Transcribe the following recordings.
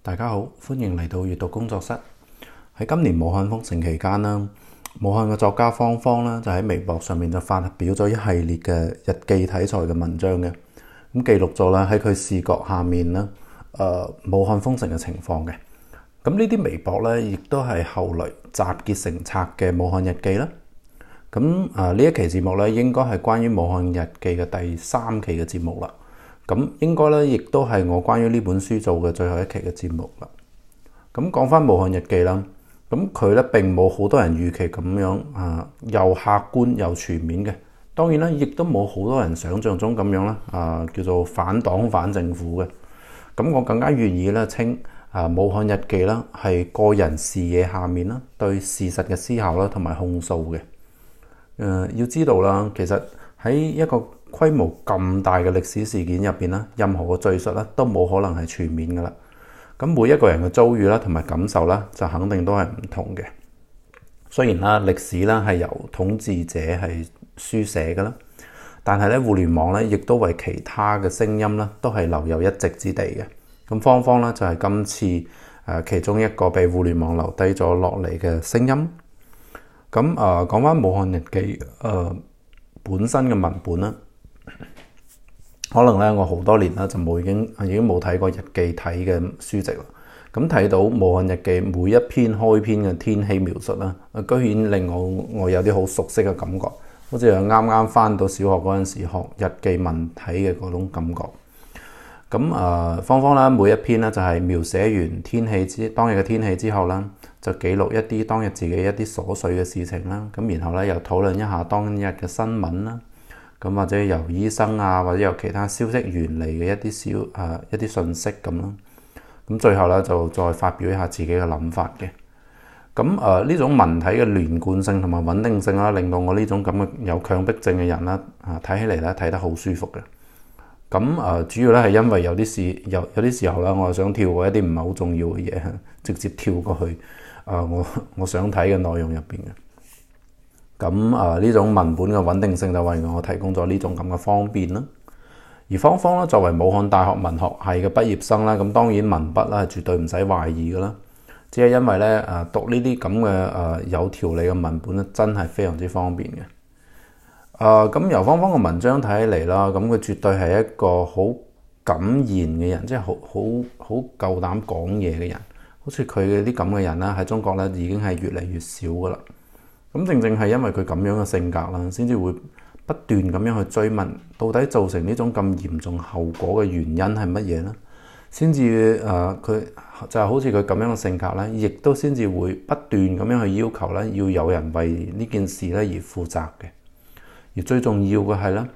大家好，歡迎嚟到閱讀工作室。喺今年武漢封城期間呢，武漢嘅作家方方呢就喺微博上面就發表咗一系列嘅日記題材嘅文章嘅，咁記錄咗啦喺佢視角下面啦，誒、呃、武漢封城嘅情況嘅。咁呢啲微博呢，亦都係後來集結成冊嘅《武漢日記》啦。咁啊呢一期節目呢，應該係關於《武漢日記》嘅第三期嘅節目啦。咁應該咧，亦都係我關於呢本書做嘅最後一期嘅節目啦。咁講翻《武漢日記》啦，咁佢咧並冇好多人預期咁樣啊，又客觀又全面嘅。當然啦，亦都冇好多人想像中咁樣啦，啊、呃、叫做反黨反政府嘅。咁、嗯、我更加願意咧稱啊，呃《武漢日記》啦係個人視野下面啦，對事實嘅思考啦，同埋控訴嘅。誒，要知道啦，其實喺一個規模咁大嘅歷史事件入邊啦，任何嘅敘述咧都冇可能係全面㗎啦。咁每一個人嘅遭遇啦同埋感受啦，就肯定都係唔同嘅。雖然啦，歷史啦係由統治者係書寫㗎啦，但係咧互聯網咧亦都為其他嘅聲音咧都係留有一席之地嘅。咁方方咧就係今次誒其中一個被互聯網留低咗落嚟嘅聲音。咁誒講返《武漢日記》誒本身嘅文本啦。可能咧，我好多年啦，就冇已經已經冇睇過日記體嘅書籍啦。咁、嗯、睇到《武漢日記》每一篇開篇嘅天氣描述啦，居然令我我有啲好熟悉嘅感覺，好似係啱啱翻到小學嗰陣時學日記文體嘅嗰種感覺。咁、嗯、誒，芳芳啦，每一篇咧就係描寫完天氣之當日嘅天氣之後啦，就記錄一啲當日自己一啲瑣碎嘅事情啦。咁然後咧又討論一下當日嘅新聞啦。咁或者由醫生啊，或者由其他消息源嚟嘅一啲消，誒、啊、一啲信息咁咯。咁最後咧就再發表一下自己嘅諗法嘅。咁誒呢種文體嘅連貫性同埋穩定性啦，令到我呢種咁嘅有強迫症嘅人啦，啊睇起嚟咧睇得好舒服嘅。咁誒、啊、主要咧係因為有啲事有有啲時候咧，我係想跳過一啲唔係好重要嘅嘢，直接跳過去啊我我想睇嘅內容入邊嘅。咁啊呢種文本嘅穩定性就為我提供咗呢種咁嘅方便啦。而芳芳咧作為武漢大學文學系嘅畢業生咧，咁當然文筆啦，絕對唔使懷疑噶啦。只係因為咧，誒、呃、讀呢啲咁嘅誒有條理嘅文本咧，真係非常之方便嘅。誒、呃、咁由芳芳嘅文章睇起嚟啦，咁佢絕對係一個好敢言嘅人，即係好好好夠膽講嘢嘅人。好似佢嗰啲咁嘅人啦，喺中國咧已經係越嚟越少噶啦。咁正正係因為佢咁樣嘅性格啦，先至會不斷咁樣去追問，到底造成呢種咁嚴重後果嘅原因係乜嘢咧？先至誒，佢、呃、就係、是、好似佢咁樣嘅性格咧，亦都先至會不斷咁樣去要求咧，要有人為呢件事咧而負責嘅。而最重要嘅係咧，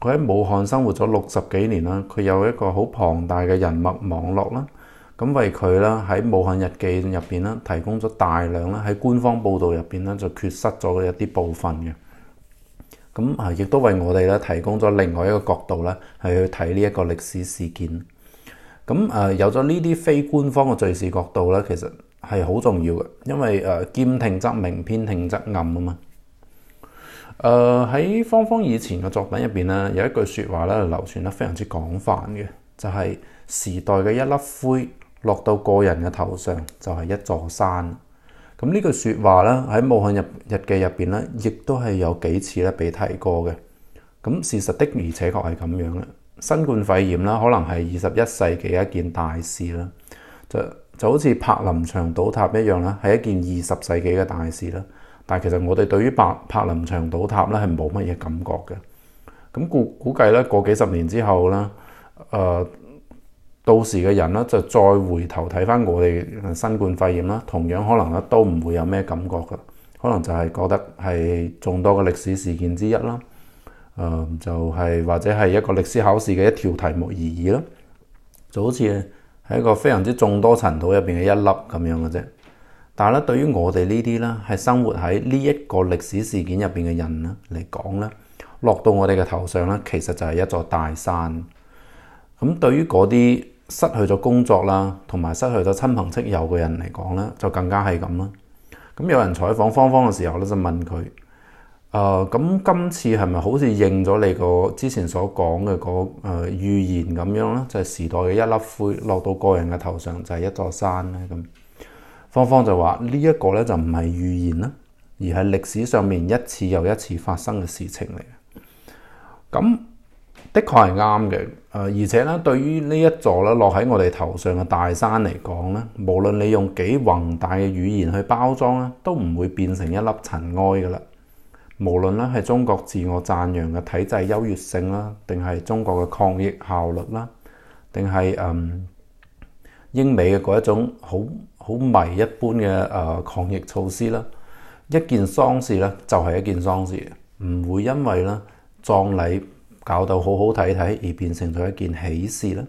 佢喺武漢生活咗六十幾年啦，佢有一個好龐大嘅人脈網絡啦。咁為佢啦喺《武漢日記》入邊咧，提供咗大量啦，喺官方報道入邊咧就缺失咗嘅一啲部分嘅。咁啊，亦都為我哋咧提供咗另外一個角度啦，係去睇呢一個歷史事件。咁啊，有咗呢啲非官方嘅敍事角度咧，其實係好重要嘅，因為誒兼聽則明，偏聽則暗啊嘛。誒、呃、喺方方以前嘅作品入邊啊，有一句説話咧流傳得非常之廣泛嘅，就係、是、時代嘅一粒灰，落到個人嘅頭上就係一座山。咁呢句説話咧，喺武漢日日記入邊咧，亦都係有幾次咧被提過嘅。咁事實的，而且確係咁樣嘅新冠肺炎啦，可能係二十一世紀一件大事啦。就就好似柏林牆倒塌一樣啦，係一件二十世紀嘅大事啦。但係其實我哋對於柏柏林牆倒塌咧係冇乜嘢感覺嘅。咁估估計咧，過幾十年之後啦。誒、呃。到時嘅人咧，就再回頭睇返我哋新冠肺炎啦，同樣可能咧都唔會有咩感覺㗎，可能就係覺得係眾多嘅歷史事件之一啦。誒、呃，就係、是、或者係一個歷史考試嘅一條題目而已啦，就好似喺一個非常之眾多塵土入邊嘅一粒咁樣嘅啫。但係咧，對於我哋呢啲啦，係生活喺呢一個歷史事件入邊嘅人咧嚟講咧，落到我哋嘅頭上咧，其實就係一座大山。咁對於嗰啲，失去咗工作啦，同埋失去咗親朋戚友嘅人嚟講咧，就更加係咁啦。咁、嗯、有人採訪方方嘅時候咧，就問佢：誒、呃、咁、嗯、今次係咪好似應咗你個之前所講嘅嗰誒預言咁樣咧？就係、是、時代嘅一粒灰落到個人嘅頭上就係、是、一座山咧咁。方、嗯、方就話：這個、呢一個咧就唔係預言啦，而係歷史上面一次又一次發生嘅事情嚟。咁、嗯的確係啱嘅，誒而且咧，對於呢一座咧落喺我哋頭上嘅大山嚟講咧，無論你用幾宏大嘅語言去包裝咧，都唔會變成一粒塵埃㗎喇。無論咧係中國自我讚揚嘅體制優越性啦，定係中國嘅抗疫效率啦，定係誒英美嘅嗰一種好好迷一般嘅誒抗疫措施啦，一件喪事咧就係一件喪事，唔會因為咧葬禮搞到好好睇睇，而變成咗一件喜事啦，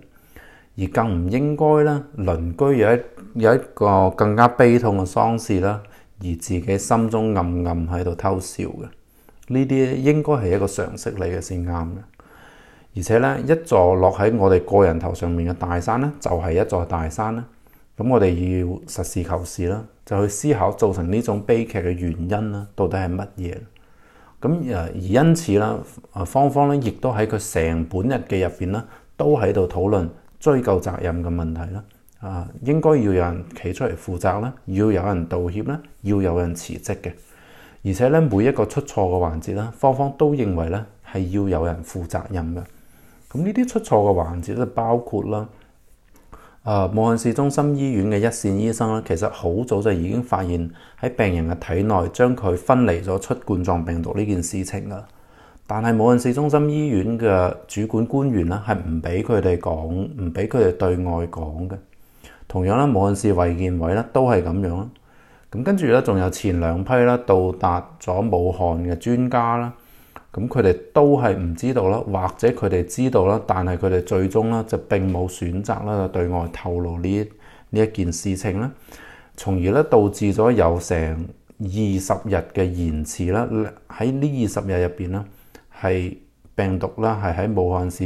而更唔應該咧，鄰居有一有一個更加悲痛嘅喪事啦，而自己心中暗暗喺度偷笑嘅，呢啲應該係一個常識嚟嘅先啱嘅，而且咧一座落喺我哋個人頭上面嘅大山咧，就係一座大山啦，咁我哋要實事求是啦，就去思考造成呢種悲劇嘅原因啦，到底係乜嘢？咁誒，而因此啦，啊，芳芳咧，亦都喺佢成本日記入邊咧，都喺度討論追究責任嘅問題啦。啊，應該要有人企出嚟負責啦，要有人道歉啦，要有人辭職嘅。而且咧，每一個出錯嘅環節啦，芳芳都認為咧，係要有人負責任嘅。咁呢啲出錯嘅環節咧，包括啦。呃，武漢市中心醫院嘅一線醫生咧，其實好早就已經發現喺病人嘅體內將佢分離咗出冠狀病毒呢件事情啦。但係武漢市中心醫院嘅主管官員咧係唔俾佢哋講，唔俾佢哋對外講嘅。同樣啦，武漢市衛健委咧都係咁樣啦。咁跟住咧，仲有前兩批啦到達咗武漢嘅專家啦。咁佢哋都係唔知道啦，或者佢哋知道啦，但係佢哋最終咧就並冇選擇咧對外透露呢呢一,一件事情啦，從而咧導致咗有成二十日嘅延遲啦。喺呢二十日入邊咧，係病毒啦，係喺武漢市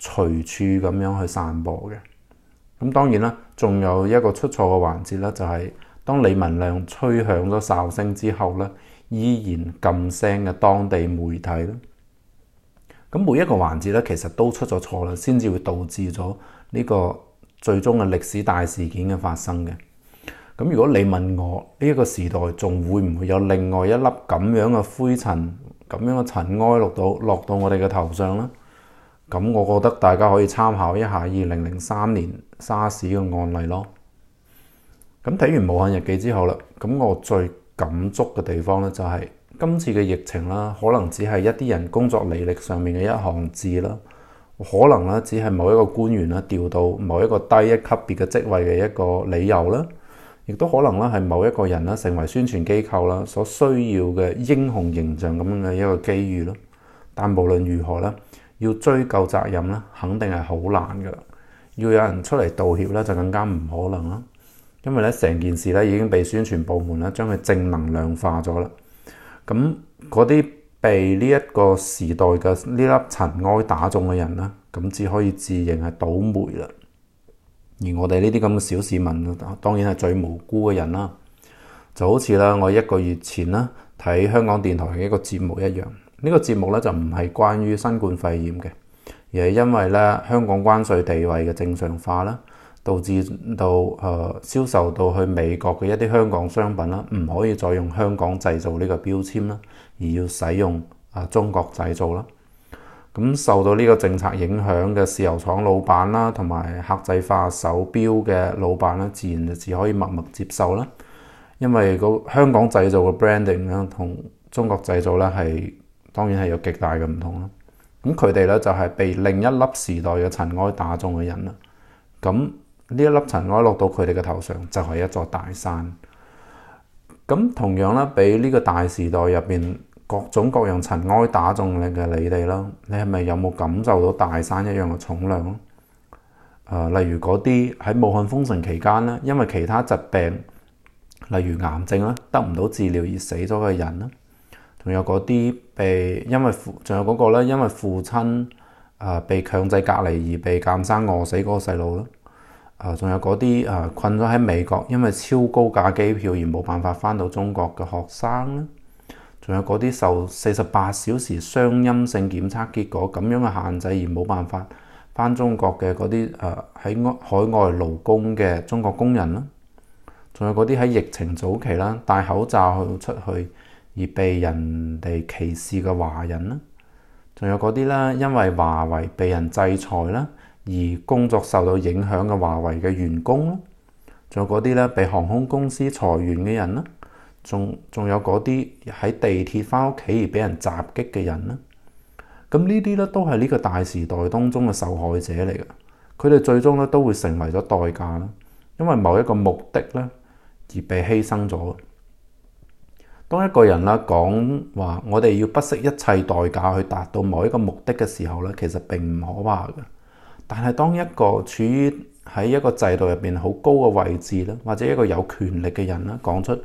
隨處咁樣去散播嘅。咁當然啦，仲有一個出錯嘅環節咧、就係，就係當李文亮吹響咗哨聲之後咧，依然禁聲嘅當地媒體咯，咁每一個環節咧，其實都出咗錯啦，先至會導致咗呢個最終嘅歷史大事件嘅發生嘅。咁如果你問我呢一個時代仲會唔會有另外一粒咁樣嘅灰塵、咁樣嘅塵埃落到落到我哋嘅頭上呢？咁我覺得大家可以參考一下二零零三年沙士嘅案例咯。咁睇完《武漢日記》之後啦，咁我最感觸嘅地方咧，就是，就係今次嘅疫情啦，可能只係一啲人工作履歷上面嘅一行字啦，可能咧只係某一個官員啦，調到某一個低一級別嘅職位嘅一個理由啦，亦都可能咧係某一個人啦，成為宣傳機構啦所需要嘅英雄形象咁樣嘅一個機遇咯。但無論如何咧，要追究責任咧，肯定係好難㗎，要有人出嚟道歉咧，就更加唔可能啦。因為咧，成件事咧已經被宣傳部門咧將佢正能量化咗啦。咁嗰啲被呢一個時代嘅呢粒塵埃打中嘅人啦，咁只可以自認係倒霉啦。而我哋呢啲咁嘅小市民啊，當然係最無辜嘅人啦。就好似啦，我一個月前啦睇香港電台嘅一個節目一樣，呢、呢個節目咧就唔係關於新冠肺炎嘅，而係因為咧香港關稅地位嘅正常化啦。導致到誒、呃、銷售到去美國嘅一啲香港商品啦，唔可以再用香港製造呢個標籤啦，而要使用啊、呃、中國製造啦。咁受到呢個政策影響嘅豉油廠老闆啦，同埋客製化手錶嘅老闆啦，自然就只可以默默接受啦。因為香港製造嘅 branding 啦，同中國製造咧係當然係有極大嘅唔同啦。咁佢哋咧就係被另一粒時代嘅塵埃打中嘅人啦。咁呢一粒塵埃落到佢哋嘅頭上，就係、是、一座大山。咁同樣咧，俾呢個大時代入邊各種各樣塵埃打中你嘅你哋咯。你係咪有冇感受到大山一樣嘅重量咯、呃？例如嗰啲喺武漢封城期間咧，因為其他疾病，例如癌症啦，得唔到治療而死咗嘅人啦，仲有嗰啲被因為父，仲有嗰個咧，因為父親、呃、被強制隔離而被監生餓死嗰個細路啦。仲有嗰啲啊困咗喺美國，因為超高價機票而冇辦法翻到中國嘅學生，仲有嗰啲受四十八小時雙陰性檢測結果咁樣嘅限制而冇辦法翻中國嘅嗰啲啊喺海外勞工嘅中國工人啦，仲有嗰啲喺疫情早期啦戴口罩出去而被人哋歧視嘅華人啦，仲有嗰啲啦因為華為被人制裁啦。而工作受到影響嘅華為嘅員工啦，仲有嗰啲咧被航空公司裁員嘅人啦，仲仲有嗰啲喺地鐵返屋企而俾人襲擊嘅人啦。咁呢啲咧都係呢個大時代當中嘅受害者嚟嘅，佢哋最終咧都會成為咗代價啦，因為某一個目的咧而被犧牲咗。當一個人啦講話，我哋要不惜一切代價去達到某一個目的嘅時候咧，其實並唔可怕嘅。但係當一個處於喺一個制度入邊好高嘅位置啦，或者一個有權力嘅人啦，講出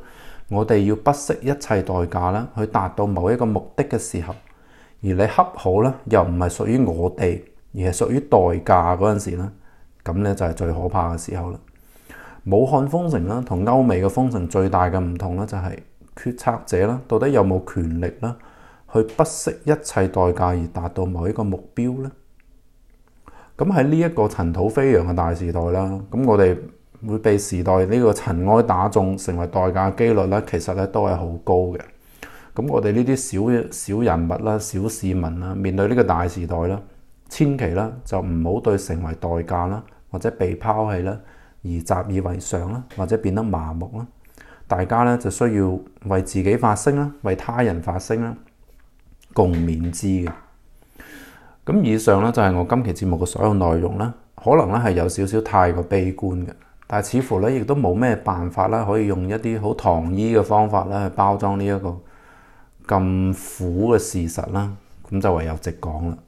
我哋要不惜一切代價啦，去達到某一個目的嘅時候，而你恰好咧又唔係屬於我哋，而係屬於代價嗰陣時咧，咁咧就係最可怕嘅時候啦。武漢封城啦，同歐美嘅封城最大嘅唔同咧、就係，就係決策者啦，到底有冇權力啦，去不惜一切代價而達到某一個目標咧？咁喺呢一個塵土飛揚嘅大時代啦，咁我哋會被時代呢個塵埃打中，成為代價嘅機率咧，其實咧都係好高嘅。咁我哋呢啲小小人物啦、小市民啦，面對呢個大時代啦，千祈啦就唔好對成為代價啦，或者被拋棄啦而習以為常啦，或者變得麻木啦。大家咧就需要為自己發聲啦，為他人發聲啦，共勉之嘅。咁以上咧就係我今期節目嘅所有內容啦，可能咧係有少少太過悲觀嘅，但係似乎咧亦都冇咩辦法啦，可以用一啲好糖衣嘅方法咧去包裝呢一個咁苦嘅事實啦，咁就唯有直講啦。